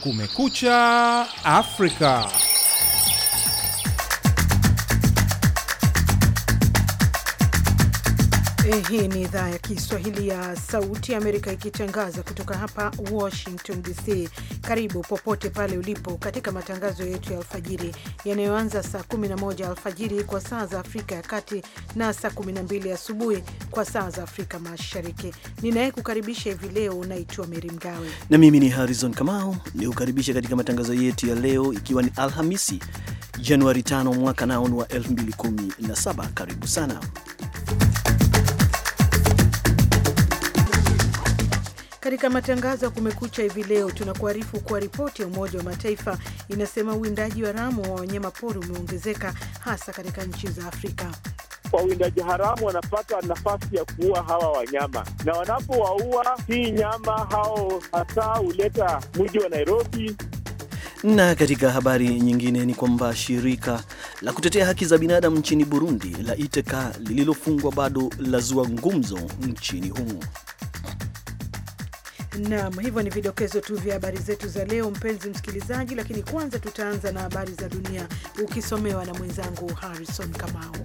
Kumekucha Afrika. Hii ni idhaa ya Kiswahili ya Sauti ya Amerika ikitangaza kutoka hapa Washington DC. Karibu popote pale ulipo katika matangazo yetu ya alfajiri yanayoanza saa 11 alfajiri kwa saa za Afrika ya Kati na saa 12 asubuhi kwa saa za Afrika Mashariki. Ninayekukaribisha hivi leo unaitwa Meri Mgawe na mimi ni Harrison Kamau, ni kukaribisha katika matangazo yetu ya leo, ikiwa ni Alhamisi Januari 5 mwaka ni wa 2017. Karibu sana Katika matangazo ya Kumekucha hivi leo, tunakuarifu kuwa ripoti ya Umoja wa Mataifa inasema uwindaji haramu wa wanyama pori umeongezeka hasa katika nchi za Afrika. Wawindaji haramu wanapata nafasi ya kuua hawa wanyama, na wanapowaua hii nyama hao hasa huleta mji wa Nairobi. Na katika habari nyingine ni kwamba shirika la kutetea haki za binadamu nchini Burundi la Iteka lililofungwa bado la zua ngumzo nchini humo. Naam, hivyo ni vidokezo tu vya habari zetu za leo, mpenzi msikilizaji, lakini kwanza tutaanza na habari za dunia ukisomewa na mwenzangu Harrison Kamau.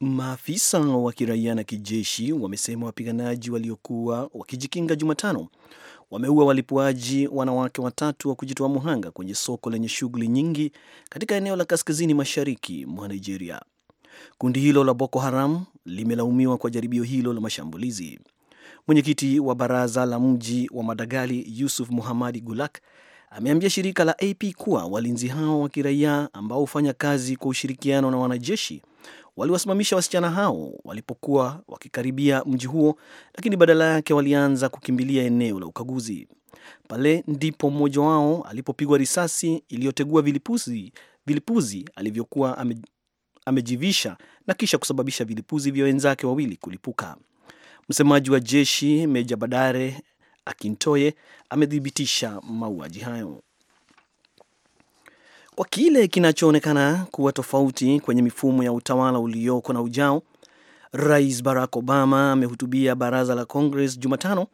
Maafisa wa kiraia na kijeshi wamesema wapiganaji waliokuwa wakijikinga Jumatano wameua walipuaji wanawake watatu wa kujitoa muhanga kwenye soko lenye shughuli nyingi katika eneo la kaskazini mashariki mwa Nigeria. Kundi hilo la Boko Haram limelaumiwa kwa jaribio hilo la mashambulizi. Mwenyekiti wa baraza la mji wa Madagali, Yusuf Muhamadi Gulak, ameambia shirika la AP kuwa walinzi hao wa kiraia ambao hufanya kazi kwa ushirikiano na wanajeshi waliwasimamisha wasichana hao walipokuwa wakikaribia mji huo, lakini badala yake walianza kukimbilia eneo la ukaguzi. Pale ndipo mmoja wao alipopigwa risasi iliyotegua vilipuzi, vilipuzi alivyokuwa ame, amejivisha na kisha kusababisha vilipuzi vya wenzake wawili kulipuka. Msemaji wa jeshi Meja Badare Akintoye amethibitisha mauaji hayo kwa kile kinachoonekana kuwa tofauti kwenye mifumo ya utawala ulioko na ujao. Rais Barack Obama amehutubia baraza la Congress Jumatano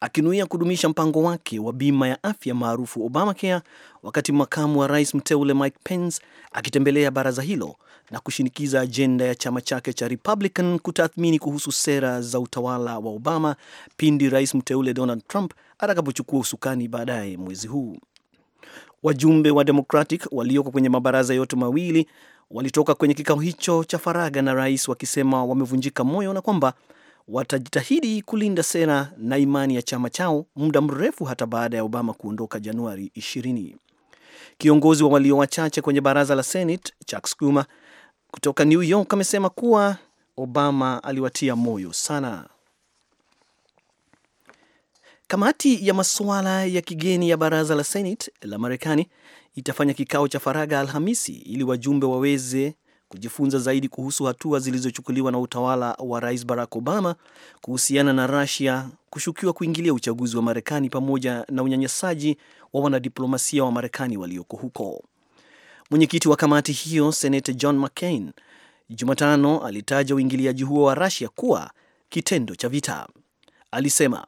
akinuia kudumisha mpango wake wa bima ya afya maarufu Obamacare, wakati makamu wa rais mteule Mike Pence akitembelea baraza hilo na kushinikiza ajenda ya chama chake cha Republican kutathmini kuhusu sera za utawala wa Obama pindi rais mteule Donald Trump atakapochukua usukani baadaye mwezi huu. Wajumbe wa Democratic walioko kwenye mabaraza yote mawili walitoka kwenye kikao hicho cha faraga na rais wakisema wamevunjika moyo na kwamba watajitahidi kulinda sera na imani ya chama chao muda mrefu hata baada ya Obama kuondoka Januari 20. Kiongozi wa walio wachache kwenye baraza la Senate Chuck Schumer kutoka New York amesema kuwa Obama aliwatia moyo sana. Kamati ya masuala ya kigeni ya baraza la Senate la Marekani itafanya kikao cha faragha Alhamisi ili wajumbe waweze kujifunza zaidi kuhusu hatua zilizochukuliwa na utawala wa Rais Barack Obama kuhusiana na Russia kushukiwa kuingilia uchaguzi wa Marekani pamoja na unyanyasaji wa wanadiplomasia wa Marekani walioko huko. Mwenyekiti wa kamati hiyo Senata John McCain Jumatano alitaja uingiliaji huo wa Russia kuwa kitendo cha vita. Alisema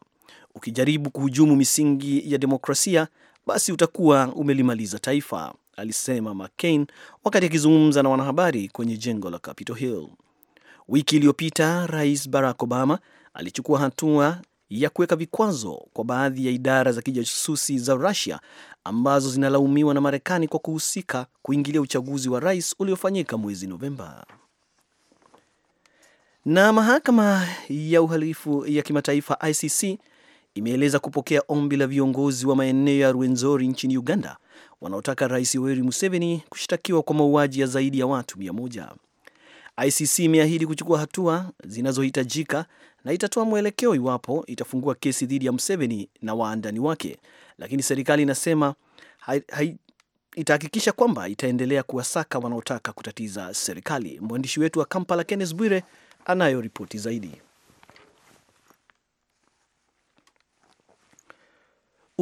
Ukijaribu kuhujumu misingi ya demokrasia, basi utakuwa umelimaliza taifa, alisema McCain wakati akizungumza na wanahabari kwenye jengo la Capitol Hill. Wiki iliyopita Rais Barack Obama alichukua hatua ya kuweka vikwazo kwa baadhi ya idara za kijasusi za Rusia ambazo zinalaumiwa na Marekani kwa kuhusika kuingilia uchaguzi wa rais uliofanyika mwezi Novemba. Na mahakama ya uhalifu ya kimataifa ICC imeeleza kupokea ombi la viongozi wa maeneo ya Rwenzori nchini Uganda wanaotaka Rais Yoweri Museveni kushtakiwa kwa mauaji ya zaidi ya watu mia moja. ICC imeahidi kuchukua hatua zinazohitajika na itatoa mwelekeo iwapo itafungua kesi dhidi ya Museveni na waandani wake, lakini serikali inasema itahakikisha kwamba itaendelea kuwasaka wanaotaka kutatiza serikali. Mwandishi wetu wa Kampala Kenneth Bwire anayo ripoti zaidi.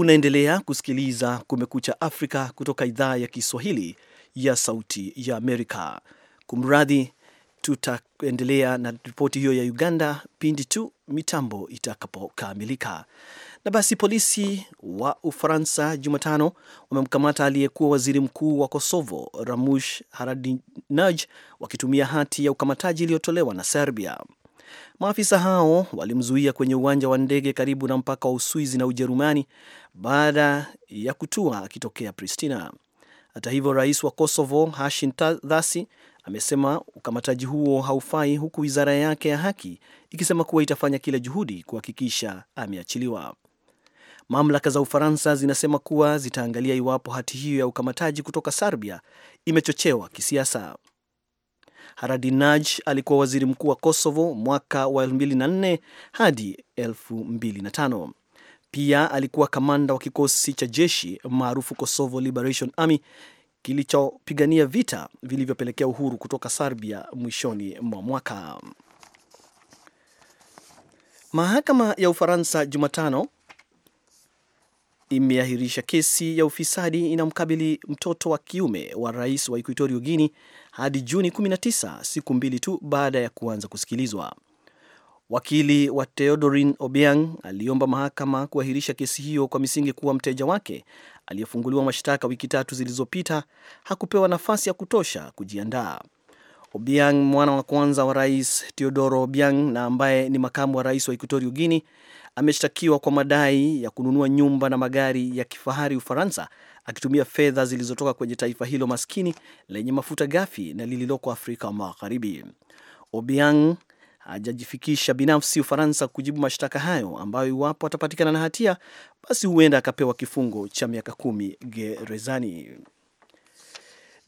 Unaendelea kusikiliza Kumekucha Afrika kutoka idhaa ya Kiswahili ya Sauti ya Amerika. Kumradhi, tutaendelea na ripoti hiyo ya Uganda pindi tu mitambo itakapokamilika. Na basi, polisi wa Ufaransa Jumatano wamemkamata aliyekuwa waziri mkuu wa Kosovo Ramush Haradinaj wakitumia hati ya ukamataji iliyotolewa na Serbia. Maafisa hao walimzuia kwenye uwanja wa ndege karibu na mpaka wa Uswizi na Ujerumani baada ya kutua akitokea Pristina. Hata hivyo, rais wa Kosovo Hashim Thaci amesema ukamataji huo haufai, huku wizara yake ya haki ikisema kuwa itafanya kila juhudi kuhakikisha ameachiliwa. Mamlaka za Ufaransa zinasema kuwa zitaangalia iwapo hati hiyo ya ukamataji kutoka Serbia imechochewa kisiasa. Haradinaj alikuwa waziri mkuu wa Kosovo mwaka wa 2004 hadi 2005. Pia alikuwa kamanda wa kikosi cha jeshi maarufu Kosovo Liberation Army kilichopigania vita vilivyopelekea uhuru kutoka Serbia mwishoni mwa mwaka. Mahakama ya Ufaransa Jumatano imeahirisha kesi ya ufisadi inamkabili mtoto wa kiume wa rais wa Equatorio Guini hadi Juni 19, siku mbili tu baada ya kuanza kusikilizwa. Wakili wa Theodorin Obiang aliomba mahakama kuahirisha kesi hiyo kwa misingi kuwa mteja wake aliyefunguliwa mashtaka wiki tatu zilizopita hakupewa nafasi ya kutosha kujiandaa. Obiang, mwana wa kwanza wa rais Teodoro Obiang na ambaye ni makamu wa rais wa Equatorial Guinea, ameshtakiwa kwa madai ya kununua nyumba na magari ya kifahari Ufaransa akitumia fedha zilizotoka kwenye taifa hilo maskini lenye mafuta ghafi na lililoko Afrika Magharibi. Obiang hajajifikisha binafsi Ufaransa kujibu mashtaka hayo, ambayo iwapo atapatikana na hatia, basi huenda akapewa kifungo cha miaka kumi gerezani.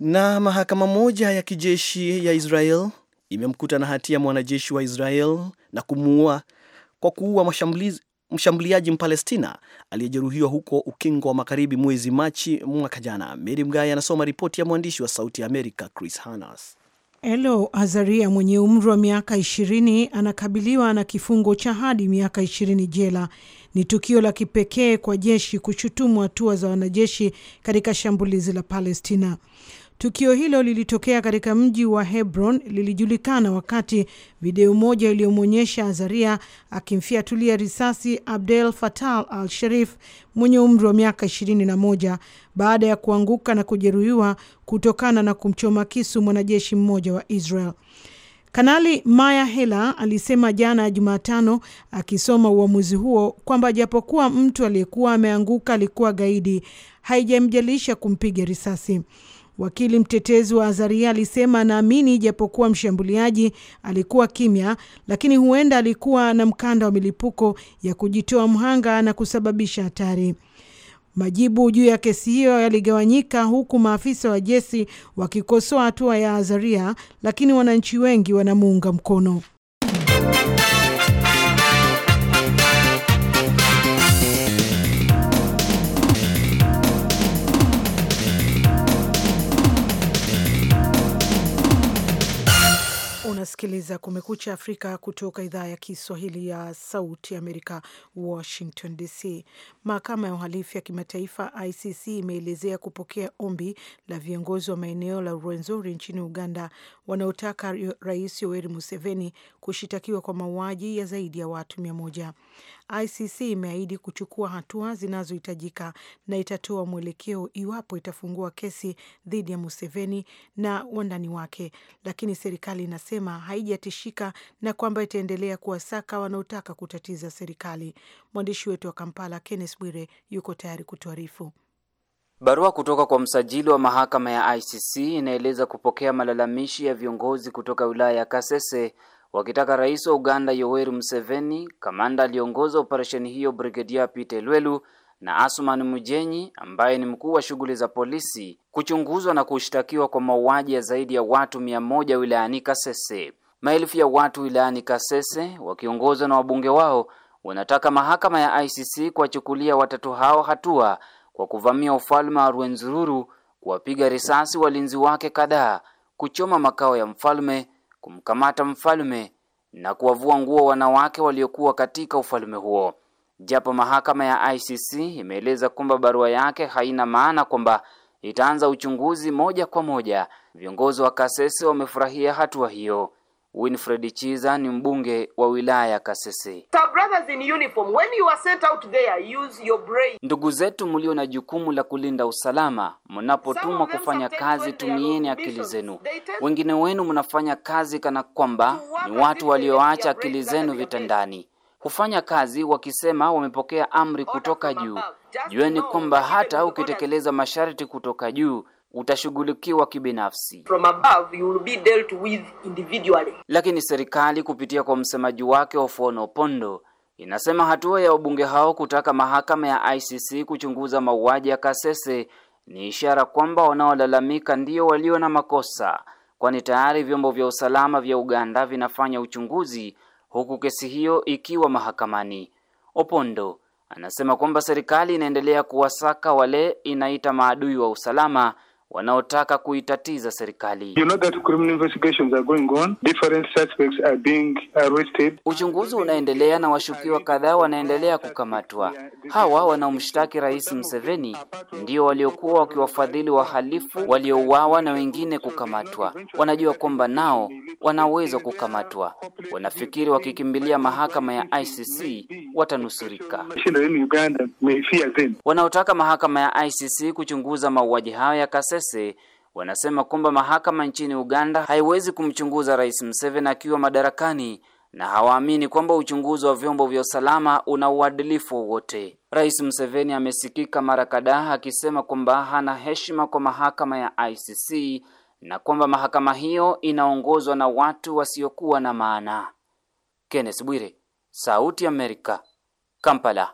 Na mahakama moja ya kijeshi ya Israel imemkuta na hatia mwanajeshi wa Israel na kumuua kwa kuua mshambuliaji Mpalestina aliyejeruhiwa huko Ukingo wa Magharibi mwezi Machi mwaka jana. Mary Mgaye anasoma ripoti ya mwandishi wa Sauti ya Amerika Chris Hanas. Elo Azaria mwenye umri wa miaka ishirini anakabiliwa na kifungo cha hadi miaka ishirini jela. Ni tukio la kipekee kwa jeshi kushutumu hatua za wanajeshi katika shambulizi la Palestina. Tukio hilo lilitokea katika mji wa Hebron, lilijulikana wakati video moja iliyomwonyesha Azaria akimfiatulia risasi Abdel fatal al-Sharif mwenye umri wa miaka ishirini baada ya kuanguka na kujeruhiwa kutokana na kumchoma kisu mwanajeshi mmoja wa Israel. Kanali Maya Hela alisema jana ya Jumatano akisoma uamuzi huo kwamba japokuwa mtu aliyekuwa ameanguka alikuwa gaidi, haijamjalisha kumpiga risasi. Wakili mtetezi wa Azaria alisema anaamini ijapokuwa mshambuliaji alikuwa kimya, lakini huenda alikuwa na mkanda wa milipuko ya kujitoa mhanga na kusababisha hatari. Majibu juu ya kesi hiyo yaligawanyika, huku maafisa wa jeshi wakikosoa hatua ya Azaria, lakini wananchi wengi wanamuunga mkono. kusikiliza Kumekucha Afrika kutoka idhaa ya Kiswahili ya Sauti Amerika, Washington DC. Mahakama ya Uhalifu ya Kimataifa ICC imeelezea kupokea ombi la viongozi wa maeneo la Rwenzori nchini Uganda wanaotaka Rais Yoweri Museveni kushitakiwa kwa mauaji ya zaidi ya watu mia moja. ICC imeahidi kuchukua hatua zinazohitajika na itatoa mwelekeo iwapo itafungua kesi dhidi ya Museveni na wandani wake, lakini serikali inasema haijatishika na kwamba itaendelea kuwasaka wanaotaka kutatiza serikali. Mwandishi wetu wa Kampala, Kenneth Bwire, yuko tayari kutuarifu. Barua kutoka kwa msajili wa mahakama ya ICC inaeleza kupokea malalamishi ya viongozi kutoka wilaya ya Kasese wakitaka rais wa Uganda Yoweri Museveni, kamanda aliongoza operesheni hiyo Brigedia Peter Lwelu na Asuman Mujenyi ambaye ni mkuu wa shughuli za polisi kuchunguzwa na kushtakiwa kwa mauaji ya zaidi ya watu mia moja wilayani Kasese. Maelfu ya watu wilayani Kasese wakiongozwa na wabunge wao wanataka mahakama ya ICC kuwachukulia watatu hao hatua kwa kuvamia ufalme wa Rwenzururu, kuwapiga risasi walinzi wake kadhaa, kuchoma makao ya mfalme kumkamata mfalme na kuwavua nguo wanawake waliokuwa katika ufalme huo, japo mahakama ya ICC imeeleza kwamba barua yake haina maana kwamba itaanza uchunguzi moja kwa moja. Viongozi wa kasese wamefurahia hatua hiyo. Winfred Chiza ni mbunge wa wilaya Kasese. Ndugu zetu mlio na jukumu la kulinda usalama, mnapotumwa kufanya kazi, tumieni akili zenu. Wengine wenu mnafanya kazi kana kwamba ni watu walioacha akili zenu vitandani. Hufanya kazi wakisema wamepokea amri kutoka juu. Jueni kwamba hata ukitekeleza masharti kutoka juu utashughulikiwa kibinafsi. From above, you will be dealt with individually. Lakini serikali kupitia kwa msemaji wake Ofono Opondo inasema hatua ya wabunge hao kutaka mahakama ya ICC kuchunguza mauaji ya Kasese ni ishara kwamba wanaolalamika ndio walio na makosa, kwani tayari vyombo vya usalama vya Uganda vinafanya uchunguzi huku kesi hiyo ikiwa mahakamani. Opondo anasema kwamba serikali inaendelea kuwasaka wale inaita maadui wa usalama wanaotaka kuitatiza serikali. You know that criminal investigations are going on. Different suspects are being arrested. Uchunguzi unaendelea na washukiwa kadhaa wanaendelea kukamatwa. Hawa wanaomshtaki Rais Museveni ndio waliokuwa wakiwafadhili wahalifu waliouawa na wengine kukamatwa. Wanajua kwamba nao wanaweza kukamatwa, wanafikiri wakikimbilia mahakama ya ICC watanusurika. Wanaotaka mahakama ya ICC kuchunguza mauaji hayo ya Kasese Wasiwasi wanasema kwamba mahakama nchini Uganda haiwezi kumchunguza Rais Museveni akiwa madarakani na hawaamini kwamba uchunguzi wa vyombo vya usalama una uadilifu wowote. Rais Museveni amesikika mara kadhaa akisema kwamba hana heshima kwa mahakama ya ICC na kwamba mahakama hiyo inaongozwa na watu wasiokuwa na maana. Kenneth Bwire, Sauti ya Amerika, Kampala.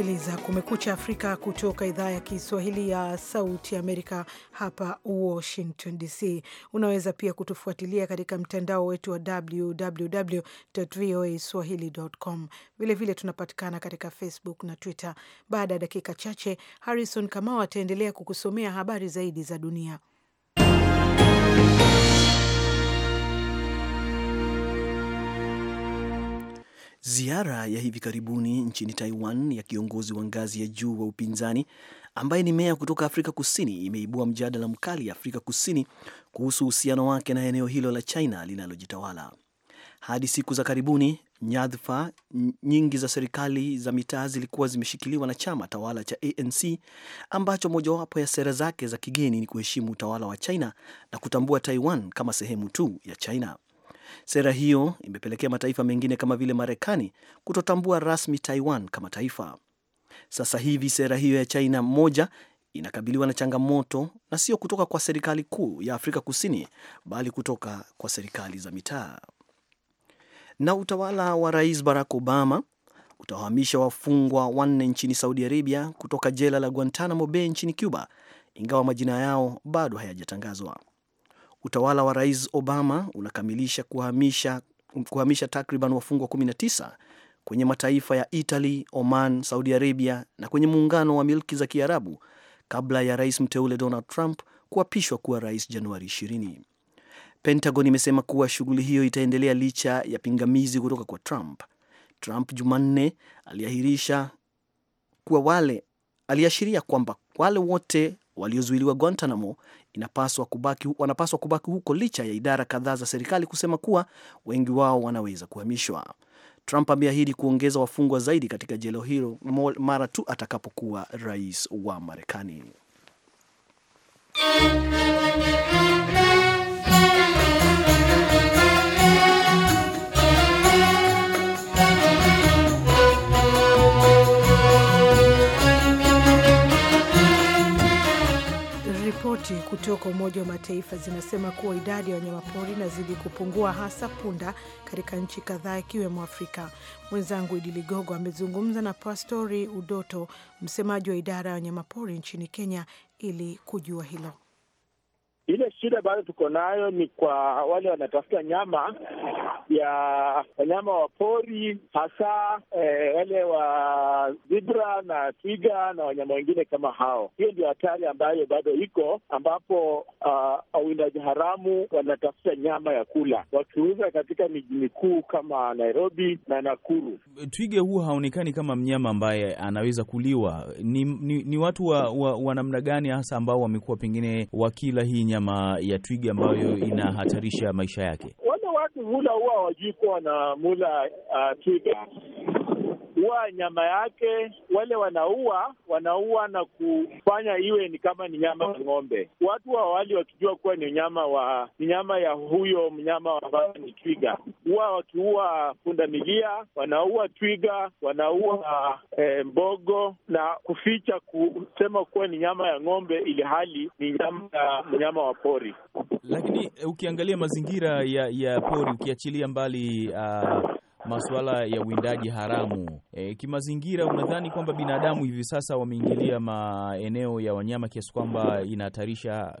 unasikiliza Kumekucha Afrika kutoka idhaa ya Kiswahili ya Sauti Amerika hapa Washington DC. Unaweza pia kutufuatilia katika mtandao wetu wa www voa swahili.com. Vilevile tunapatikana katika Facebook na Twitter. Baada ya dakika chache, Harrison Kamau ataendelea kukusomea habari zaidi za dunia. Ziara ya hivi karibuni nchini Taiwan ya kiongozi wa ngazi ya juu wa upinzani ambaye ni meya kutoka Afrika Kusini imeibua mjadala mkali Afrika Kusini kuhusu uhusiano wake na eneo hilo la China linalojitawala. Hadi siku za karibuni, nyadhifa nyingi za serikali za mitaa zilikuwa zimeshikiliwa na chama tawala cha ANC ambacho mojawapo ya sera zake za kigeni ni kuheshimu utawala wa China na kutambua Taiwan kama sehemu tu ya China. Sera hiyo imepelekea mataifa mengine kama vile Marekani kutotambua rasmi Taiwan kama taifa. Sasa hivi sera hiyo ya China moja inakabiliwa na changamoto, na sio kutoka kwa serikali kuu ya Afrika Kusini, bali kutoka kwa serikali za mitaa. Na utawala wa Rais Barack Obama utawahamisha wafungwa wanne nchini Saudi Arabia kutoka jela la Guantanamo Bay nchini Cuba, ingawa majina yao bado hayajatangazwa. Utawala wa Rais Obama unakamilisha kuhamisha, kuhamisha takriban wafungwa 19 kwenye mataifa ya Italy, Oman, Saudi Arabia na kwenye muungano wa milki za Kiarabu kabla ya rais mteule Donald Trump kuapishwa kuwa rais Januari 20. Pentagon imesema kuwa shughuli hiyo itaendelea licha ya pingamizi kutoka kwa Trump. Trump Jumanne aliahirisha kuwa wale aliashiria kwamba wale wote waliozuiliwa Guantanamo inapaswa kubaki, wanapaswa kubaki huko licha ya idara kadhaa za serikali kusema kuwa wengi wao wanaweza kuhamishwa. Trump ameahidi kuongeza wafungwa zaidi katika jela hilo mara tu atakapokuwa rais wa Marekani. Ripoti kutoka Umoja wa Mataifa zinasema kuwa idadi ya wanyamapori inazidi kupungua, hasa punda katika nchi kadhaa ikiwemo Afrika. Mwenzangu Idi Ligogo amezungumza na Pastori Udoto, msemaji wa idara ya wanyamapori nchini Kenya, ili kujua hilo. Ile shida bado tuko nayo ni kwa wale wanatafuta nyama ya wanyama wa pori, hasa eh, wale wa zibra na twiga na wanyama wengine kama hao. Hiyo ndio hatari ambayo bado iko, ambapo ah, wawindaji uh, haramu wanatafuta nyama ya kula wakiuza katika miji mikuu kama Nairobi na Nakuru. Twiga huu haonekani kama mnyama ambaye anaweza kuliwa. Ni, ni, ni watu wa, wa, wa namna gani hasa ambao wamekuwa pengine wakila hii nyama nyama ya twiga ambayo inahatarisha maisha yake. Wale watu hula huwa hawajui kuwa mula uh, twiga kuua nyama yake wale wanaua wanaua na kufanya iwe ni kama ni nyama ya ng'ombe. Watu wa awali wakijua kuwa ni nyama wa ni nyama ya huyo mnyama ambayo ni twiga, huwa wakiua pundamilia, wanaua twiga, wanaua e, mbogo na kuficha kusema kuwa ni nyama ya ng'ombe, ili hali ni nyama ya mnyama wa pori. Lakini ukiangalia mazingira ya ya pori ukiachilia mbali uh masuala ya uwindaji haramu e, kimazingira, unadhani kwamba binadamu hivi sasa wameingilia maeneo ya wanyama kiasi kwamba inahatarisha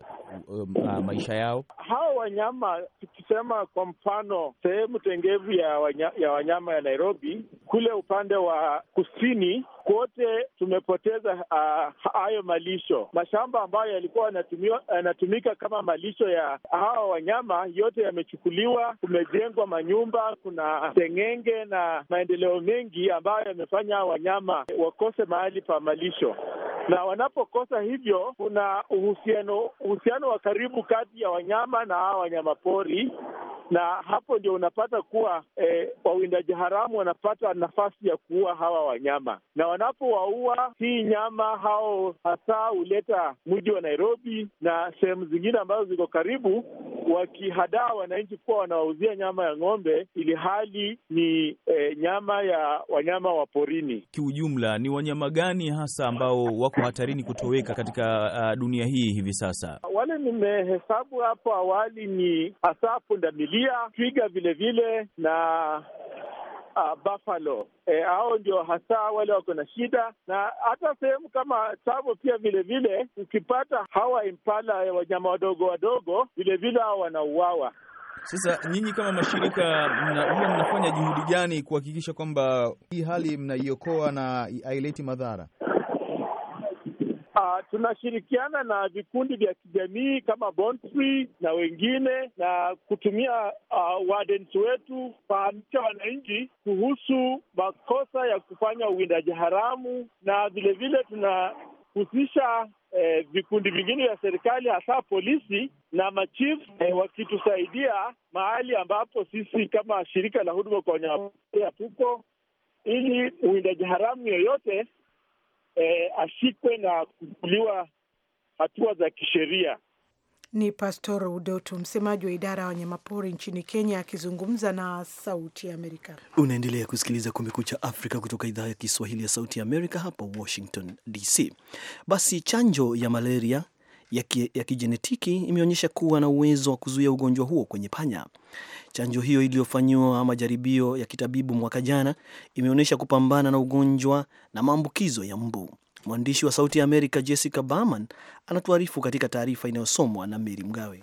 um, maisha yao hawa wanyama. Tukisema kwa mfano sehemu tengevu ya, wanya, ya wanyama ya Nairobi kule upande wa kusini kote tumepoteza uh, hayo malisho. Mashamba ambayo yalikuwa yanatumika kama malisho ya hawa wanyama yote yamechukuliwa. Kumejengwa manyumba, kuna seng'enge na maendeleo mengi ambayo yamefanya wanyama wakose mahali pa malisho, na wanapokosa hivyo, kuna uhusiano uhusiano wa karibu kati ya wanyama na hawa wanyama pori na hapo ndio unapata kuwa eh, wawindaji haramu wanapata nafasi ya kuua hawa wanyama na wanapowaua hii nyama hao hasa huleta mji wa Nairobi na sehemu zingine ambazo ziko karibu, wakihadaa wananchi kuwa wanawauzia nyama ya ng'ombe, ili hali ni e, nyama ya wanyama wa porini. Kiujumla, ni wanyama gani hasa ambao wako hatarini kutoweka katika uh, dunia hii hivi sasa? Wale nimehesabu hapo awali ni hasa pundamilia, twiga vilevile na uh, Buffalo. eh, hao ndio hasa wale wako na shida, na hata sehemu kama Tsavo pia vilevile, ukipata hawa impala ya e, wanyama wadogo wadogo vilevile hao wanauawa. Sasa nyinyi kama mashirika mna, huwa mnafanya juhudi gani kuhakikisha kwamba hii hali mnaiokoa na haileti madhara? tunashirikiana na vikundi vya kijamii kama Bonfree na wengine na kutumia uh, wardens wetu fahamisha wananchi kuhusu makosa ya kufanya uwindaji haramu, na vilevile tunahusisha eh, vikundi vingine vya serikali hasa polisi na machief eh, wakitusaidia mahali ambapo sisi kama shirika la huduma kwa wanyamapori tuko, ili uwindaji haramu yoyote eh, ashikwe na kuchukuliwa hatua za kisheria. Ni Pastor Udoto, msemaji wa idara ya wanyamapori nchini Kenya, akizungumza na Sauti ya Amerika. Unaendelea kusikiliza Kumekucha Afrika kutoka idhaa ya Kiswahili ya Sauti ya Amerika hapa Washington DC. Basi chanjo ya malaria ya, ki, ya kijenetiki imeonyesha kuwa na uwezo wa kuzuia ugonjwa huo kwenye panya. Chanjo hiyo iliyofanyiwa majaribio ya kitabibu mwaka jana imeonyesha kupambana na ugonjwa na maambukizo ya mbu. Mwandishi wa Sauti ya Amerika Jessica Berman anatuarifu katika taarifa inayosomwa na Meri Mgawe.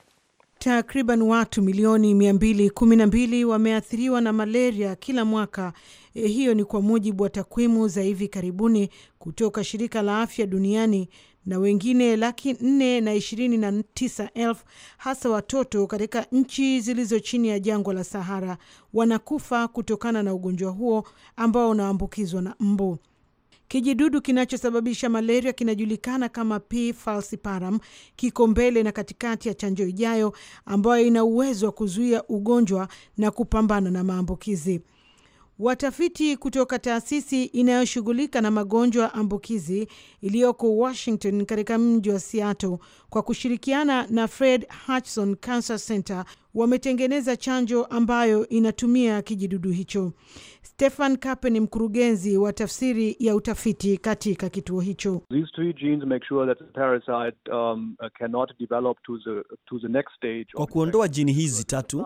Takriban watu milioni 212 wameathiriwa na malaria kila mwaka. E, hiyo ni kwa mujibu wa takwimu za hivi karibuni kutoka shirika la afya duniani na wengine laki nne na ishirini na tisa elfu hasa watoto katika nchi zilizo chini ya jangwa la Sahara wanakufa kutokana na ugonjwa huo ambao unaambukizwa na mbu. Kijidudu kinachosababisha malaria kinajulikana kama P. falciparum, kiko mbele na katikati ya chanjo ijayo ambayo ina uwezo wa kuzuia ugonjwa na kupambana na maambukizi. Watafiti kutoka taasisi inayoshughulika na magonjwa ambukizi iliyoko Washington katika mji wa Seattle kwa kushirikiana na Fred Hutchinson Cancer Center wametengeneza chanjo ambayo inatumia kijidudu hicho. Stefan Kape ni mkurugenzi wa tafsiri ya utafiti katika kituo hicho. Kwa kuondoa jini hizi tatu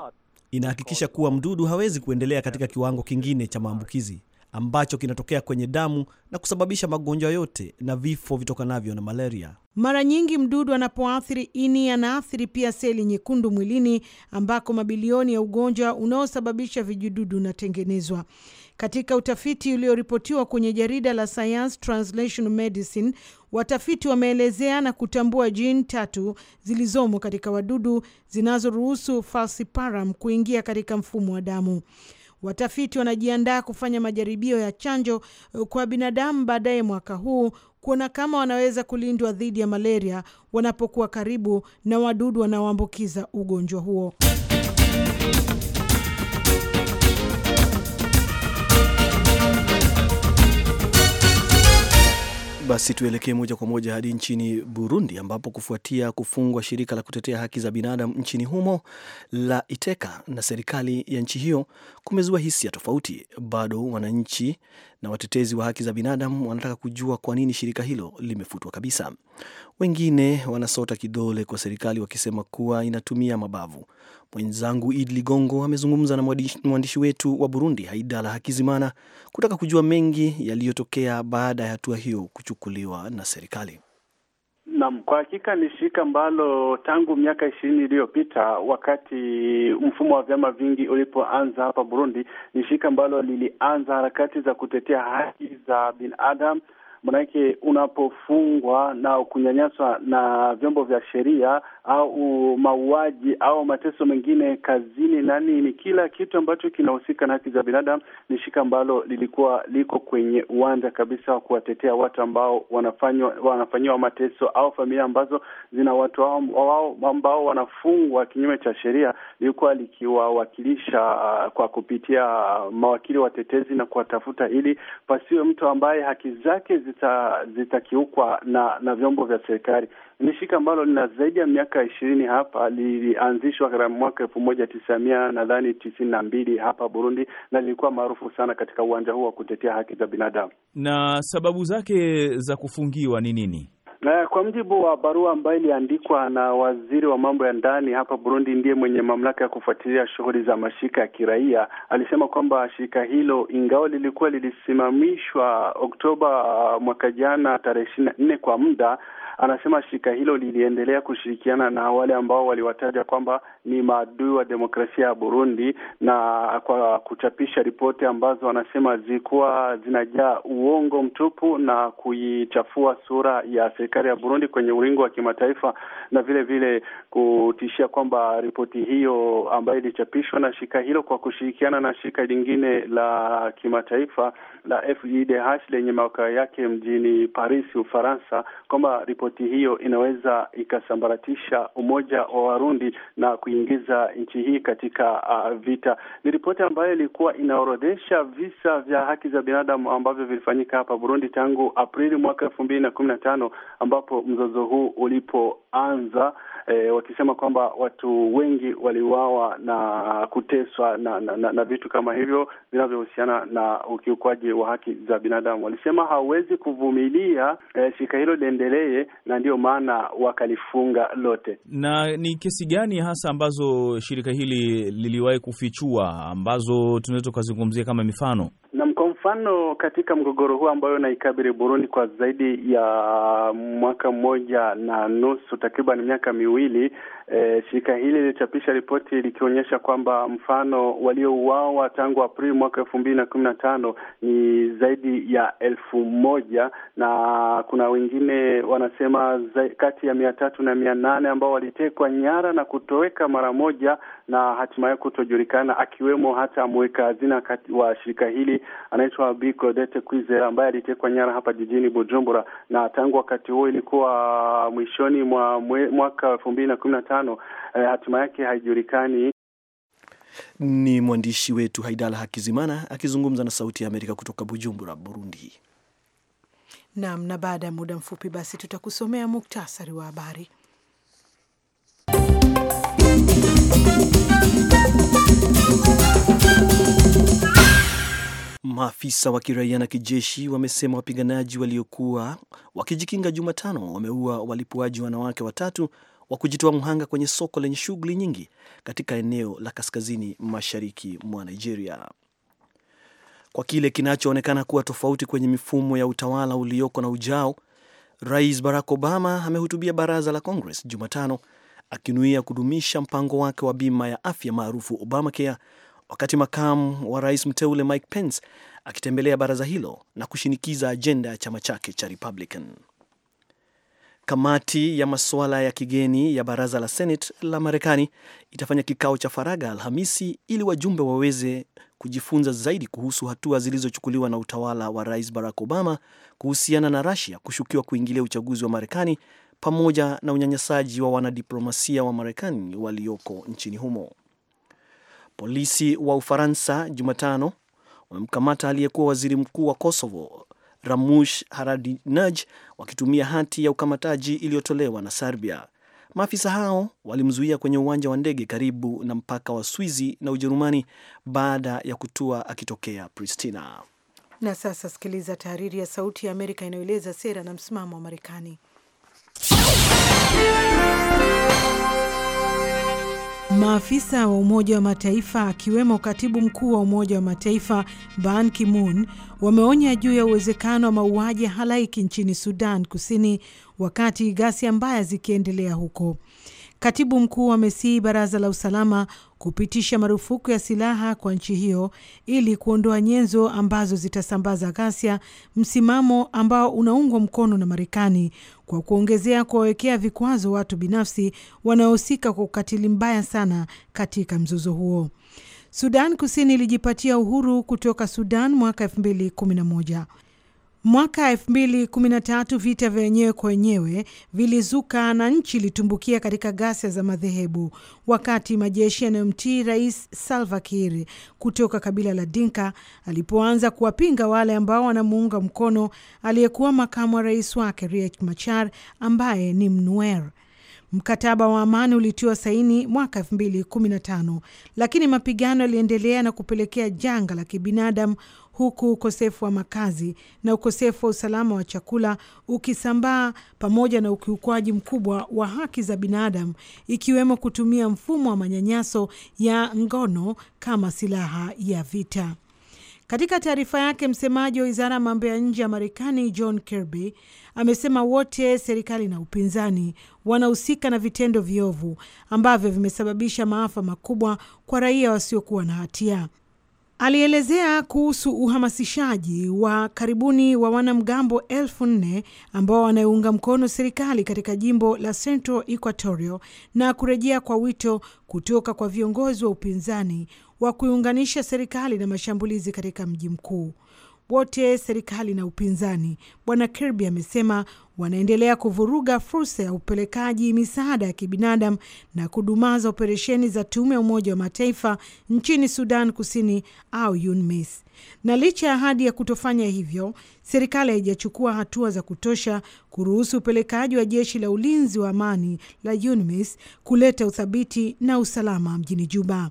inahakikisha kuwa mdudu hawezi kuendelea katika kiwango kingine cha maambukizi ambacho kinatokea kwenye damu na kusababisha magonjwa yote na vifo vitokanavyo na malaria. Mara nyingi mdudu anapoathiri ini anaathiri pia seli nyekundu mwilini ambako mabilioni ya ugonjwa unaosababisha vijidudu unatengenezwa. Katika utafiti ulioripotiwa kwenye jarida la Science Translational Medicine, watafiti wameelezea na kutambua jini tatu zilizomo katika wadudu zinazoruhusu falciparum kuingia katika mfumo wa damu. Watafiti wanajiandaa kufanya majaribio ya chanjo uh, kwa binadamu baadaye mwaka huu kuona kama wanaweza kulindwa dhidi ya malaria wanapokuwa karibu na wadudu wanaoambukiza ugonjwa huo. Basi tuelekee moja kwa moja hadi nchini Burundi ambapo kufuatia kufungwa shirika la kutetea haki za binadamu nchini humo la Iteka na serikali ya nchi hiyo kumezua hisia tofauti. Bado wananchi na watetezi wa haki za binadamu wanataka kujua kwa nini shirika hilo limefutwa kabisa. Wengine wanasota kidole kwa serikali wakisema kuwa inatumia mabavu. Mwenzangu id Ligongo amezungumza na mwandishi wetu wa Burundi Haidala Hakizimana kutaka kujua mengi yaliyotokea baada ya hatua hiyo kuchukuliwa na serikali. Naam, kwa hakika ni shirika ambalo tangu miaka ishirini iliyopita wakati mfumo wa vyama vingi ulipoanza hapa Burundi, ni shirika ambalo lilianza harakati za kutetea haki za binadamu Manake unapofungwa na kunyanyaswa na vyombo vya sheria au mauaji au mateso mengine kazini na nini, kila kitu ambacho kinahusika na haki za binadamu, ni shika ambalo lilikuwa liko kwenye uwanja kabisa wa kuwatetea watu ambao wanafanywa wanafanyiwa mateso au familia ambazo zina watu wao ambao wanafungwa kinyume cha sheria, lilikuwa likiwawakilisha uh, kwa kupitia uh, mawakili watetezi na kuwatafuta ili pasiwe mtu ambaye haki zake zitakiukwa zita na na vyombo vya serikali. Ni shirika ambalo lina zaidi ya miaka ishirini hapa, lilianzishwa mwaka elfu moja tisa mia nadhani tisini na mbili hapa Burundi, na lilikuwa maarufu sana katika uwanja huu wa kutetea haki za binadamu. Na sababu zake za kufungiwa ni nini? Na kwa mjibu wa barua ambayo iliandikwa na waziri wa mambo ya ndani hapa Burundi, ndiye mwenye mamlaka ya kufuatilia shughuli za mashirika ya kiraia, alisema kwamba shirika hilo ingawa lilikuwa lilisimamishwa Oktoba uh, mwaka jana tarehe ishirini na nne kwa muda Anasema shirika hilo liliendelea kushirikiana na wale ambao waliwataja kwamba ni maadui wa demokrasia ya Burundi na kwa kuchapisha ripoti ambazo wanasema zilikuwa zinajaa uongo mtupu na kuichafua sura ya serikali ya Burundi kwenye ulingo wa kimataifa na vile vile kutishia kwamba ripoti hiyo ambayo ilichapishwa na shirika hilo kwa kushirikiana na shirika lingine la kimataifa la FIDH lenye makao yake mjini Paris, Ufaransa kwamba ripoti ripoti hiyo inaweza ikasambaratisha umoja wa Warundi na kuingiza nchi hii katika uh, vita. Ni ripoti ambayo ilikuwa inaorodhesha visa vya haki za binadamu ambavyo vilifanyika hapa Burundi tangu Aprili mwaka elfu mbili na kumi na tano ambapo mzozo huu ulipoanza e, wakisema kwamba watu wengi waliuawa na kuteswa na, na, na, na vitu kama hivyo vinavyohusiana na ukiukwaji wa haki za binadamu. Walisema hawezi kuvumilia e, shirika hilo liendelee, na ndiyo maana wakalifunga lote. Na ni kesi gani hasa ambazo shirika hili liliwahi kufichua ambazo tunaweza tukazungumzia kama mifano? Nam, kwa mfano katika mgogoro huu ambayo unaikabili Burundi kwa zaidi ya mwaka mmoja na nusu, takriban miaka miwili, e, shirika hili lilichapisha ripoti likionyesha kwamba mfano waliouawa tangu Aprili mwaka elfu mbili na kumi na tano ni zaidi ya elfu moja na kuna wengine wanasema zai, kati ya mia tatu na mia nane ambao walitekwa nyara na kutoweka mara moja na hatimaye kutojulikana, akiwemo hata mweka hazina wa shirika hili anaitwa Bi Claudette Kwizera ambaye alitekwa nyara hapa jijini Bujumbura, na tangu wakati huo ilikuwa mwishoni mwa mwaka elfu mbili na kumi na tano. Eh, hatima yake haijulikani. Ni mwandishi wetu Haidala Hakizimana akizungumza na Sauti ya Amerika kutoka Bujumbura, Burundi. Naam, na baada ya muda mfupi basi tutakusomea muktasari wa habari. Maafisa wa kiraia na kijeshi wamesema wapiganaji waliokuwa wakijikinga Jumatano wameua walipuaji wanawake watatu wa kujitoa mhanga kwenye soko lenye shughuli nyingi katika eneo la kaskazini mashariki mwa Nigeria. Kwa kile kinachoonekana kuwa tofauti kwenye mifumo ya utawala ulioko na ujao, Rais Barack Obama amehutubia baraza la Congress Jumatano akinuia kudumisha mpango wake wa bima ya afya maarufu Obamacare wakati makamu wa rais mteule Mike Pence akitembelea baraza hilo na kushinikiza ajenda ya chama chake cha Republican. Kamati ya masuala ya kigeni ya baraza la Senate la Marekani itafanya kikao cha faragha Alhamisi ili wajumbe waweze kujifunza zaidi kuhusu hatua zilizochukuliwa na utawala wa Rais Barack Obama kuhusiana na Russia kushukiwa kuingilia uchaguzi wa Marekani pamoja na unyanyasaji wa wanadiplomasia wa Marekani walioko nchini humo. Polisi wa Ufaransa Jumatano wamemkamata aliyekuwa waziri mkuu wa Kosovo Ramush Haradinaj wakitumia hati ya ukamataji iliyotolewa na Serbia. Maafisa hao walimzuia kwenye uwanja wa ndege karibu na mpaka wa Swizi na Ujerumani baada ya kutua akitokea Pristina. Na sasa sikiliza tahariri ya Sauti ya Amerika inayoeleza sera na msimamo wa Marekani. Maafisa wa Umoja wa Mataifa akiwemo katibu mkuu wa Umoja wa Mataifa Ban Ki-moon wameonya juu ya uwezekano wa mauaji halaiki nchini Sudan Kusini wakati ghasia mbaya zikiendelea huko. Katibu mkuu amesihi baraza la usalama kupitisha marufuku ya silaha kwa nchi hiyo ili kuondoa nyenzo ambazo zitasambaza ghasia, msimamo ambao unaungwa mkono na Marekani, kwa kuongezea kuwawekea vikwazo watu binafsi wanaohusika kwa ukatili mbaya sana katika mzozo huo. Sudan Kusini ilijipatia uhuru kutoka Sudan mwaka elfu mbili kumi na moja. Mwaka 2013 vita vya wenyewe kwa wenyewe vilizuka na nchi ilitumbukia katika ghasia za madhehebu, wakati majeshi yanayomtii Rais Salva Kiir kutoka kabila la Dinka alipoanza kuwapinga wale ambao wanamuunga mkono aliyekuwa makamu wa rais wake Riek Machar ambaye ni Mnuer. Mkataba wa amani ulitiwa saini mwaka 2015 lakini mapigano yaliendelea na kupelekea janga la kibinadamu huku ukosefu wa makazi na ukosefu wa usalama wa chakula ukisambaa pamoja na ukiukwaji mkubwa wa haki za binadamu ikiwemo kutumia mfumo wa manyanyaso ya ngono kama silaha ya vita. Katika taarifa yake, msemaji wa wizara ya mambo ya nje ya Marekani John Kirby amesema wote, serikali na upinzani, wanahusika na vitendo viovu ambavyo vimesababisha maafa makubwa kwa raia wasiokuwa na hatia. Alielezea kuhusu uhamasishaji wa karibuni wa wanamgambo elfu nne ambao wanaiunga mkono serikali katika jimbo la Central Equatoria na kurejea kwa wito kutoka kwa viongozi wa upinzani wa kuiunganisha serikali na mashambulizi katika mji mkuu wote serikali na upinzani. Bwana Kirby amesema wanaendelea kuvuruga fursa ya upelekaji misaada ya kibinadamu na kudumaza operesheni za tume ya Umoja wa Mataifa nchini Sudan Kusini au UNMISS. Na licha ya ahadi ya kutofanya hivyo, serikali haijachukua hatua za kutosha kuruhusu upelekaji wa jeshi la ulinzi wa amani la UNMISS kuleta uthabiti na usalama mjini Juba.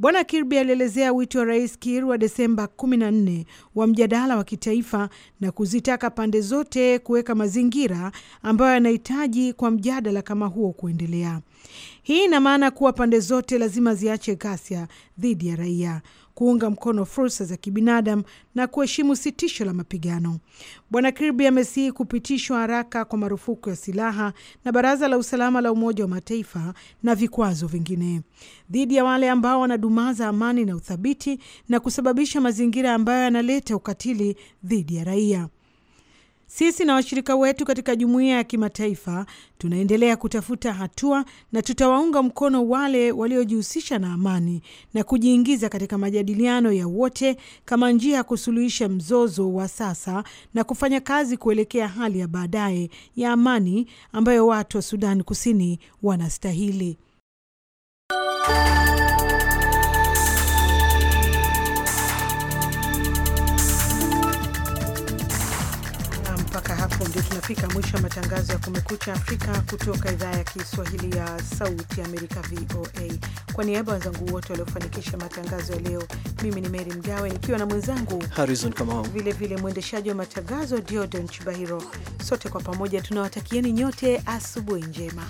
Bwana Kirby alielezea wito wa Rais kir wa Desemba 14 wa mjadala wa kitaifa na kuzitaka pande zote kuweka mazingira ambayo yanahitaji kwa mjadala kama huo kuendelea. Hii ina maana kuwa pande zote lazima ziache ghasia dhidi ya raia, kuunga mkono fursa za kibinadamu na kuheshimu sitisho la mapigano. Bwana Kirby amesihi kupitishwa haraka kwa marufuku ya silaha na Baraza la Usalama la Umoja wa Mataifa na vikwazo vingine dhidi ya wale ambao wanadumaza amani na uthabiti na kusababisha mazingira ambayo yanaleta ukatili dhidi ya raia. Sisi na washirika wetu katika jumuiya ya kimataifa tunaendelea kutafuta hatua na tutawaunga mkono wale waliojihusisha na amani na kujiingiza katika majadiliano ya wote kama njia ya kusuluhisha mzozo wa sasa na kufanya kazi kuelekea hali ya baadaye ya amani ambayo watu wa Sudan Kusini wanastahili. Tunafika mwisho wa matangazo ya Kumekucha Afrika kutoka idhaa ya Kiswahili ya Sauti Amerika, VOA. Kwa niaba ya wenzangu wote waliofanikisha matangazo ya leo, mimi ni Meri Mgawe nikiwa na mwenzangu Harrison Kamau, vilevile mwendeshaji wa matangazo Diodon Sote kwa pamoja tunawatakieni nyote asubuhi njema.